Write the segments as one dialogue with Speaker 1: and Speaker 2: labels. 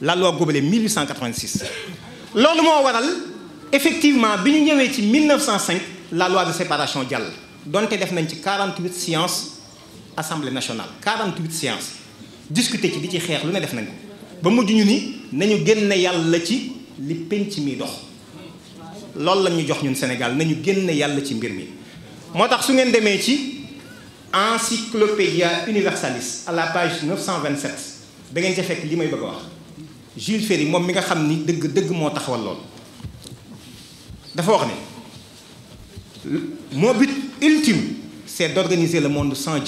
Speaker 1: la loi Gobelet 1886 loolu moo waral effectivement bi ñu ñëwee ci 1905 la loi de séparation jàll donte def nañ ci 48 séances assemblée nationale 48 séances discuter ci di ci xeex lu ne def nañ ko ba mujj ñu ni nañu génne yàlla ci li penc mi dox loolu lañ ñu jox ñun Sénégal nañu génne yàlla ci mbir mi moo tax su ngeen demee ci encyclopédia universalis à la page 927 da ngeen ca fekk li may bëgg a wax Jules Ferry moom mi nga xam ni dëgg dëgg moo taxawal lool dafa wax ne mon but ultime c'est d'organiser le monde sans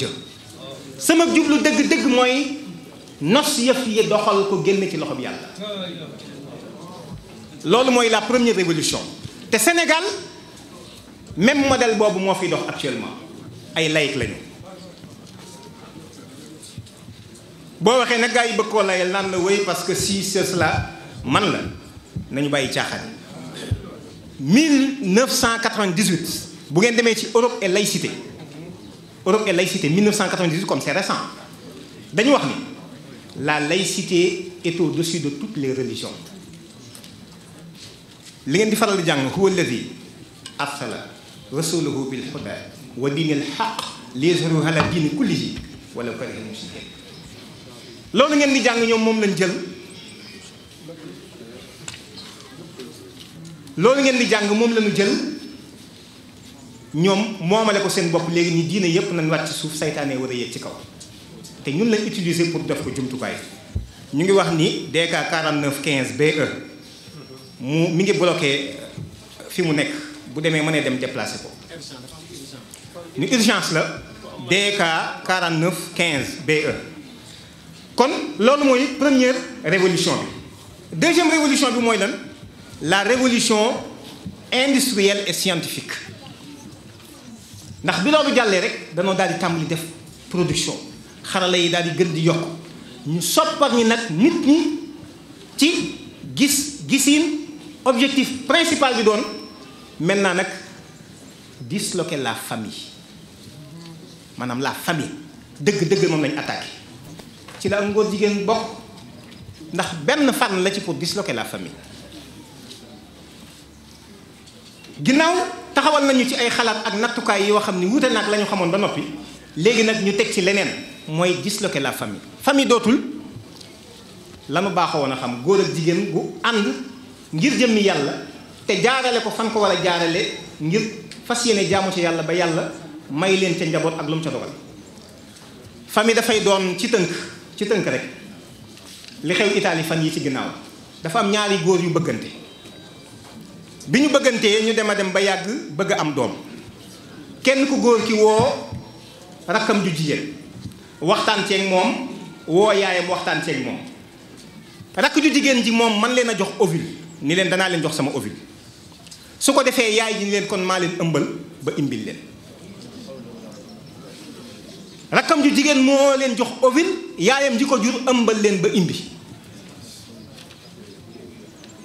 Speaker 1: sama jublu dëgg-dëgg mooy nos yëf yi doxal ko génn ci loxob yàlla loolu mooy la première révolution te Sénégal même modèle boobu moo fi dox actuellement ay laïc lañu boo waxee nag gaa yi bëgg koo layal naan la wéy parce que si c'est la man la nañu bàyyi caaxaan 1998 bu ngeen demee ci Europe et laïcité Europe et laïcité 1998 comme c'est récent dañu wax ni la laïcité est au-dessus de toutes les religions li ngeen di faral di jàng huwa alladi arsala rasulahu bil huda wa diinil haqq liyuzhirahu ala diini kullihi walaw kariha al-mushrikuun loolu ngeen di jàng ñoom moom lañu jël loolu ngeen di jàng moom lañu jël ñoom moo moomale ko seen bopp léegi ni diine yépp nañ ci suuf saytaane war a yéeg ci kaw te ñun lañ utiliser pour def ko jumtukaay ñu ngi wax ni DK 49 15 BE mu mi ngi bloqué fi mu nekk bu demee mënee dem déplacé ko ni urgence la DK 49 15 BE kon loolu mooy première révolution bi deuxième révolution bi mooy lan la révolution industrielle et scientifique ndax bi loolu jàllee rek danoo daal di tàmbali def production xarala yi daal di gën di yokk ñu soppar ñi nag nit ñi ci gis gisiin objectif principal bi doon maintenant nag disloquer la famille maanaam la famille dëgg-dëgg moom lañu attaqué ci la ak ngóor jigéen bokk ndax benn fànn la ci pour disloquer la famille ginnaaw taxawal nañu ci ay xalaat ak nattukaay yoo xam ni wuute naa la ñu xamoon ba noppi léegi nag ñu teg ci leneen mooy disloquer la famille famille dootul lanu baaxoon a xam góor ak jigéen gu ànd ngir jëmmi yàlla te jaarale ko fan ko war a jaarale ngir fas yéene jaamu ci yàlla ba yàlla may leen ca njaboot ak lu mu ca dogal famille dafay doon ci tënk ci tënk rek li xew Italie fan yi ci ginnaaw dafa am ñaari góor yu bëggante bi ñu bëggantee ñu dem a dem ba yàgg bëgg am doom kenn ku góor ki woo rakkam ju jigéen waxtaan ceeg moom woo yaayam waxtaan ceeg moom rakk ju jigéen ji moom man leen a jox ovule ni leen danaa leen jox sama ovule su ko defee yaay ji ni leen kon maa leen ëmbal ba imbil leen rakkam ju jigéen moo leen jox ovile yaayam ji ko jur ëmbal leen ba indi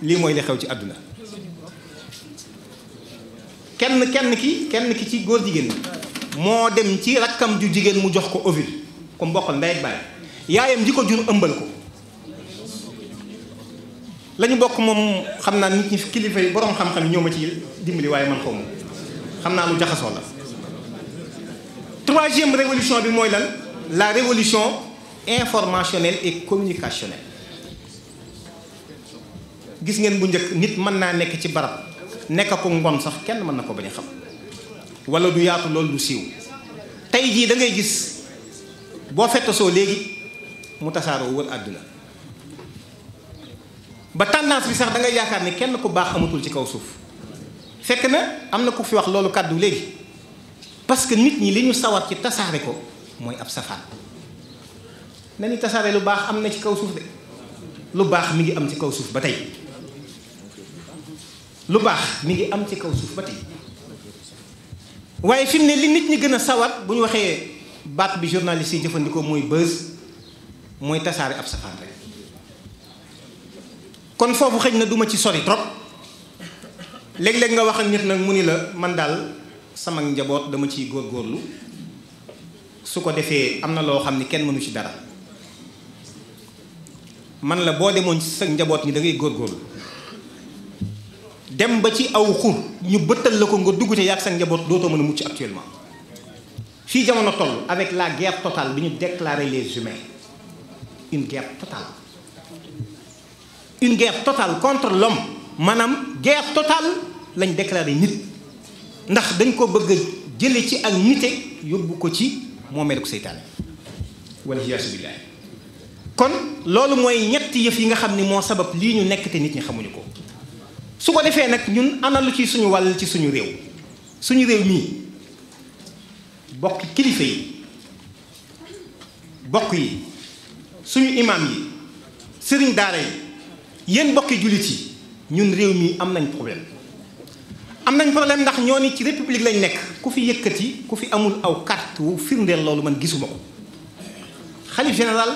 Speaker 1: lii mooy li xew ci àdduna kenn kenn ki kenn ki ci góor jigéen moo dem ci rakkam ju jigéen mu jox ko ovile ku mbokkal ndey yaayam ji ko jur ëmbal ko lañu bokk moom xam naa nit ñi kilifa yi boroom xam-xam yi ñoo ci dimbali waaye man xaw ma xam naa lu jaxasoo la troisième révolution bi mooy lan la révolution informationnelle et communicationnelle gis ngeen bu njëkk nit mën naa nekk ci barab nekk ko ngon sax kenn mën na ko bañ a xam wala du yaatu loolu du siiw tey jii da ngay gis boo fettasoo léegi mu tasaaroo wër àdduna ba tendance bi sax dangay yaakaar ne kenn ku baax amatul ci kaw suuf fekk na am na ku fi wax loolu kàddu léegi parce que nit ñi li ñu sawar ci tasaare ko mooy ab safaan nañu tasaare lu baax am na ci kaw suuf de lu baax mi ngi am ci kaw suuf ba tey lu baax mi ngi am ci kaw suuf ba tey waaye fi mu ne li nit ñi gën a sawar bu ñu waxee baat bi journaliste yi jëfandikoo mooy buzz mooy tasaare ab safaan rek kon foofu xëj na duma ci sori trop léeg-léeg nga wax ak nit nag mu ni la man daal sama njaboot dama ciy góor góorlu su ko defee am na loo xam ni kenn mënu ci dara man la boo demoon ci sa njaboot ni da ngay góorgóorlu dem ba ci aw xur ñu bëttal la ko nga dugg ci yàgg sa njaboot dootoo mën a mucc actuellement fii jamono toll avec la guerre total bi ñu déclarer les humains une guerre totale une guerre totale contre l'homme maanaam guerre total lañ déclarer nit ndax dañ ko bëgg a jële ci ak nite yóbbu ko ci moomeel ko seytaane wal iyaasu kon loolu mooy ñetti yëf yi nga xam ni moo sabab lii ñu nekk te nit ñi xamuñu ko su ko defee nag ñun ana lu ci suñu wàll ci suñu réew suñu réew mii bokk kilifa yi bokk yi suñu imaam yi sëriñ daara yi yéen bokki jullit yi ñun réew mii am nañ problème am nañ problème ndax ñoo ni ci république lañu nekk ku fi yi ku fi amul aw carte wu firndeel loolu man gisuma ko xalif général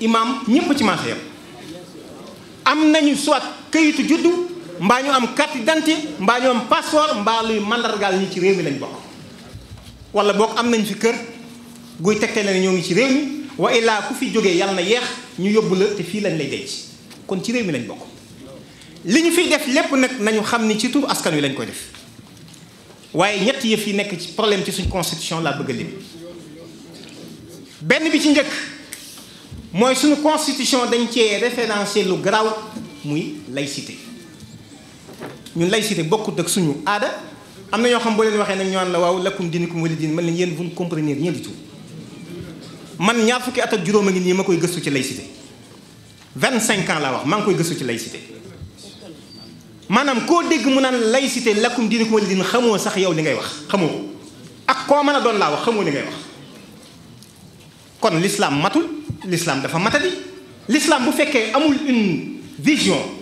Speaker 1: imaam ñëpp ci marché yam am nañu soit këyitu juddu mbaa ñu am carte d'identité mbaa ñu am passeport mbaa luy mandargaal ñi ci réew mi lañ bokk wala bokk am nañ fi kër guy tegte la ñoo ngi ci réew mi waa illaa ku fi jógee yàlla na yeex ñu yóbbu la te fii lañ lay denc kon ci réew mi lañ bokk li ñu fi def lépp nag nañu xam ni ci tur askan wi lañ koy def waaye ñett yëf yi nekk ci problème ci suñ constitution laa bëgg a benn bi ci njëkk mooy suñu constitution dañ cee référencé lu garaaw muy lay laïcité ñun laïcité bokkut ak suñu aada am na ñoo xam boo leen waxee nag ñoo naan la waaw lakum diinukum waliya diin man leen yéen vous ne comprenez rien du tout man ñaar fukki at ak juróom a ngi nii ma koy gëstu ci laïcité vingt cinq ans laa wax koy gëstu ci laïcité maanaam koo dégg mu naan laïcité lakum diinukum waliya diin xamoo sax yow li ngay wax xamoo ko ak koo mën a doon laa wax xamoo li ngay wax kon l'islam matul l'islam dafa matadi lislaam bu fekkee amul une vision